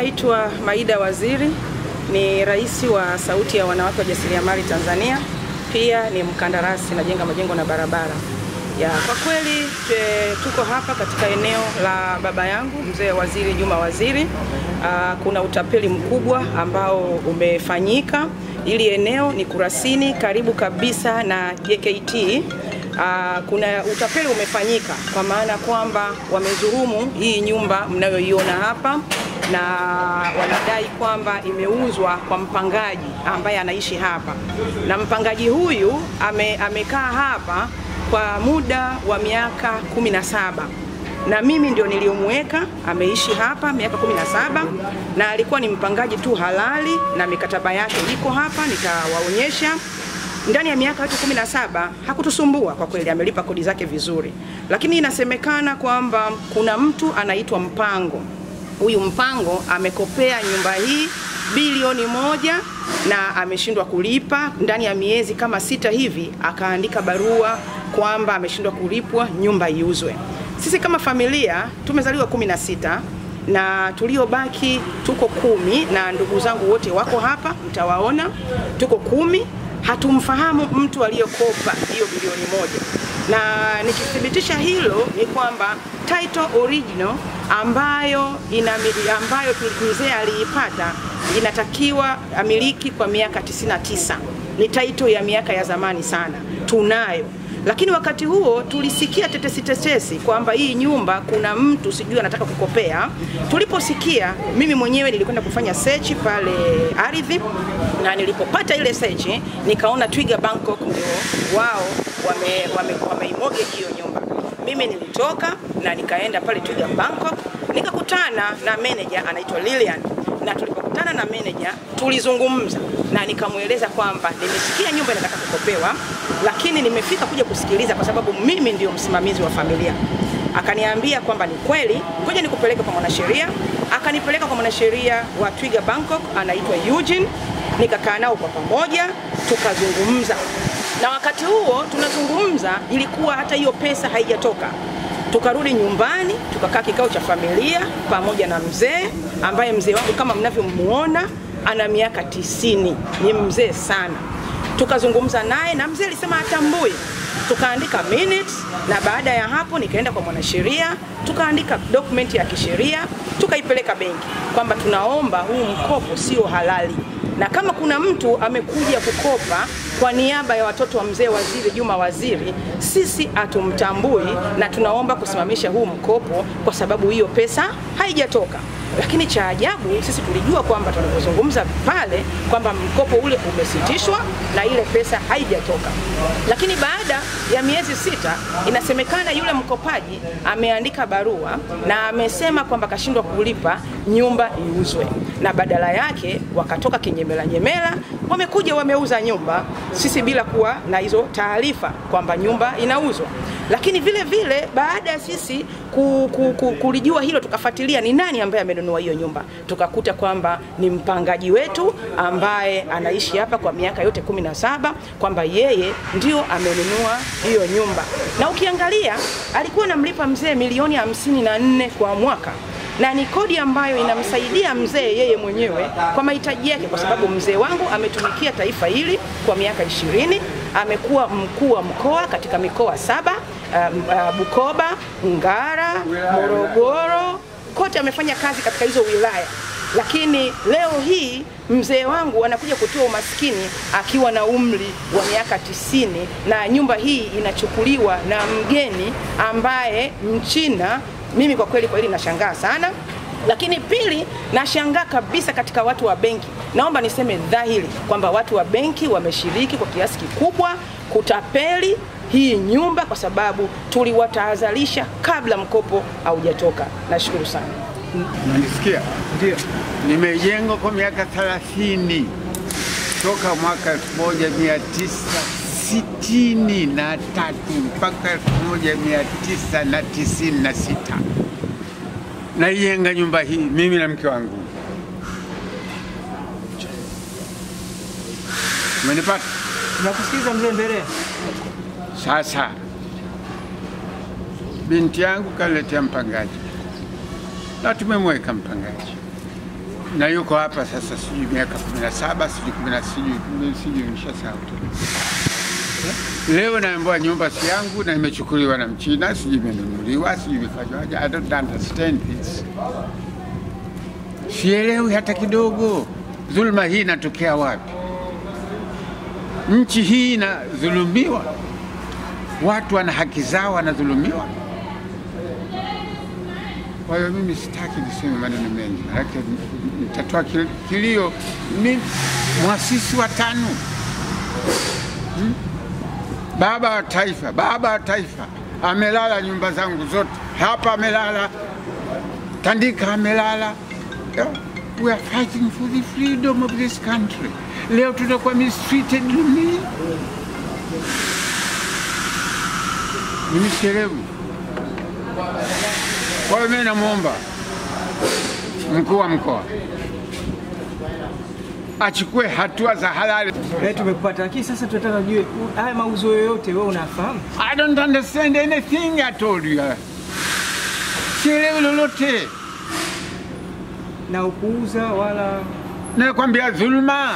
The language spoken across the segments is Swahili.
naitwa Maida Waziri, ni rais wa Sauti ya Wanawake Wajasiriamali Tanzania, pia ni mkandarasi, najenga majengo na barabara ya. Kwa kweli tuko hapa katika eneo la baba yangu mzee Waziri Juma Waziri. Aa, ah, kuna utapeli mkubwa ambao umefanyika. Hili eneo ni Kurasini, karibu kabisa na JKT. Aa, ah, kuna utapeli umefanyika kwa maana kwamba wamezurumu hii nyumba mnayoiona hapa na wanadai kwamba imeuzwa kwa mpangaji ambaye anaishi hapa, na mpangaji huyu ame, amekaa hapa kwa muda wa miaka kumi na saba na mimi ndio niliyomweka. Ameishi hapa miaka kumi na saba na alikuwa ni mpangaji tu halali, na mikataba yake iko hapa, nitawaonyesha ndani ya miaka yote kumi na saba hakutusumbua kwa kweli, amelipa kodi zake vizuri, lakini inasemekana kwamba kuna mtu anaitwa Mpango huyu mpango amekopea nyumba hii bilioni moja na ameshindwa kulipa ndani ya miezi kama sita hivi, akaandika barua kwamba ameshindwa kulipwa, nyumba iuzwe. Sisi kama familia tumezaliwa kumi na sita na tuliobaki tuko kumi, na ndugu zangu wote wako hapa, mtawaona. Tuko kumi, hatumfahamu mtu aliyokopa hiyo bilioni moja, na nikithibitisha hilo ni kwamba title original ambayo, ina, ambayo mzee aliipata inatakiwa amiliki kwa miaka 99. Ni taito ya miaka ya zamani sana, tunayo lakini wakati huo tulisikia tetesi tetesi kwamba hii nyumba kuna mtu sijui anataka kukopea. Tuliposikia, mimi mwenyewe nilikwenda kufanya search pale ardhi, na nilipopata ile search nikaona Twiga Bangkok ndio wao wame, wame, wame hiyo nyumba mimi nilitoka na nikaenda pale Twiga Bangkok nikakutana na manager anaitwa Lilian, na tulipokutana na manager tulizungumza na nikamweleza kwamba nimesikia nyumba inataka kukopewa, lakini nimefika kuja kusikiliza kwa sababu mimi ndio msimamizi wa familia. Akaniambia kwamba ni kweli, ngoja nikupeleke kwa mwanasheria. Akanipeleka kwa mwanasheria wa Twiga Bangkok anaitwa Eugene, nikakaa nao kwa pamoja tukazungumza na wakati huo tunazungumza, ilikuwa hata hiyo pesa haijatoka. Tukarudi nyumbani tukakaa kikao cha familia pamoja na mzee ambaye mzee wangu kama mnavyomuona ana miaka tisini, ni mzee sana. Tukazungumza naye na mzee alisema atambui tukaandika minutes na baada ya hapo nikaenda kwa mwanasheria tukaandika dokumenti ya kisheria tukaipeleka benki kwamba tunaomba huu mkopo sio halali na kama kuna mtu amekuja kukopa kwa niaba ya watoto wa mzee waziri Juma Waziri, sisi hatumtambui na tunaomba kusimamisha huu mkopo kwa sababu hiyo pesa haijatoka. Lakini cha ajabu sisi tulijua kwamba tunapozungumza pale kwamba mkopo ule umesitishwa na ile pesa haijatoka, lakini baada ya miezi sita inasemekana yule mkopaji ameandika barua na amesema kwamba kashindwa kulipa, nyumba iuzwe na badala yake wakatoka kinyemela nyemela, wamekuja wameuza nyumba, sisi bila kuwa na hizo taarifa kwamba nyumba inauzwa. Lakini vile vile baada ya sisi ku, ku, ku, kulijua hilo, tukafuatilia ni nani ambaye amenunua hiyo nyumba, tukakuta kwamba ni mpangaji wetu ambaye anaishi hapa kwa miaka yote kumi na saba, kwamba yeye ndio amenunua hiyo nyumba, na ukiangalia alikuwa anamlipa mzee milioni hamsini na nne kwa mwaka na ni kodi ambayo inamsaidia mzee yeye mwenyewe kwa mahitaji yake, kwa sababu mzee wangu ametumikia taifa hili kwa miaka ishirini, amekuwa mkuu wa mkoa katika mikoa saba uh, uh, Bukoba, Ngara, Morogoro, kote amefanya kazi katika hizo wilaya lakini leo hii mzee wangu anakuja kutoa umaskini akiwa na umri wa miaka tisini na nyumba hii inachukuliwa na mgeni ambaye Mchina mimi kwa kweli kwa hili nashangaa sana, lakini pili, nashangaa kabisa katika watu wa benki. Naomba niseme dhahiri kwamba watu wa benki wameshiriki kwa kiasi kikubwa kutapeli hii nyumba, kwa sababu tuliwatahadharisha kabla mkopo haujatoka. Nashukuru sana. nanisikia Ndio. Nimejengwa kwa miaka 30 toka mwaka 1900 sitini na tatu mpaka elfu moja mia tisa na tisini na sita naijenga nyumba hii mimi na mke wangu. Umenipata? Nakusikiza mzee Mbere. Sasa binti yangu kaletea mpangaji na tumemweka mpangaji na yuko hapa sasa, sijui miaka kumi na saba sijui kumi na sijui sijui, nimeshasahau Leo naambiwa nyumba si yangu na imechukuliwa na Mchina, sijui imenunuliwa, sijui imefanywaje. I don't understand this. Sielewi hata kidogo. dhuluma hii inatokea wapi? Nchi hii inadhulumiwa, watu wana haki zao, wanadhulumiwa. Kwa hiyo mimi sitaki niseme maneno mengi, maanake nitatoa kilio. Mimi mwasisi wa TANU hmm? baba wa taifa, baba wa taifa amelala nyumba zangu zote hapa, amelala Tandika, amelala we are fighting for the freedom of this country. Leo tutakuwa mistreated dunia ni miserebu. Kwa hiyo mimi namwomba mkuu wa mkoa achukue hatua za halali. Eh, tumekupata, lakini sasa tunataka jue haya mauzo yoyote, wewe unafahamu? I don't understand anything I told you. Sielewi lolote. Na ukuuza wala nakwambia dhuluma.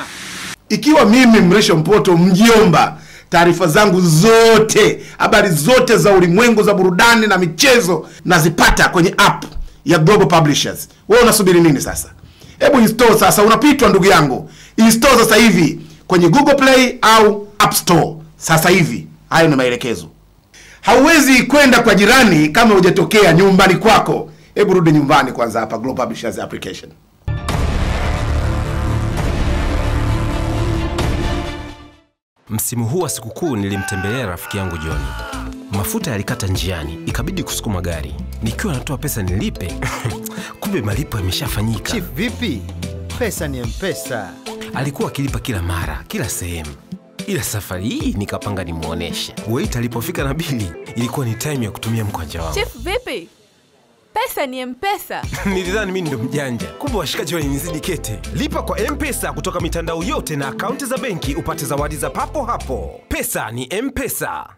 Ikiwa mimi Mrisho Mpoto mjiomba taarifa zangu zote, habari zote za ulimwengu, za burudani na michezo nazipata kwenye app ya Global Publishers. Wewe unasubiri nini sasa? hebu install sasa, unapitwa ndugu yangu, install sasa hivi kwenye Google Play au App Store sasa hivi. Hayo ni maelekezo. Hauwezi kwenda kwa jirani kama hujatokea nyumbani kwako. Hebu rudi nyumbani kwanza, hapa Global Publishers application. Msimu huu wa sikukuu nilimtembelea rafiki yangu John. Mafuta yalikata njiani, ikabidi kusukuma gari nikiwa natoa pesa nilipe kumbe malipo yameshafanyika. Chief vipi? Pesa ni mpesa. Alikuwa akilipa kila mara, kila sehemu, ila safari hii nikapanga nimwoneshe. weit alipofika na bili, ilikuwa ni taimu ya kutumia mkwanja wangu. Chief vipi? Pesa ni mpesa. Nilidhani mimi ndo mjanja, kumbe washikaji walinizidi kete. Lipa kwa mpesa kutoka mitandao yote na akaunti za benki upate zawadi za papo hapo. Pesa ni mpesa.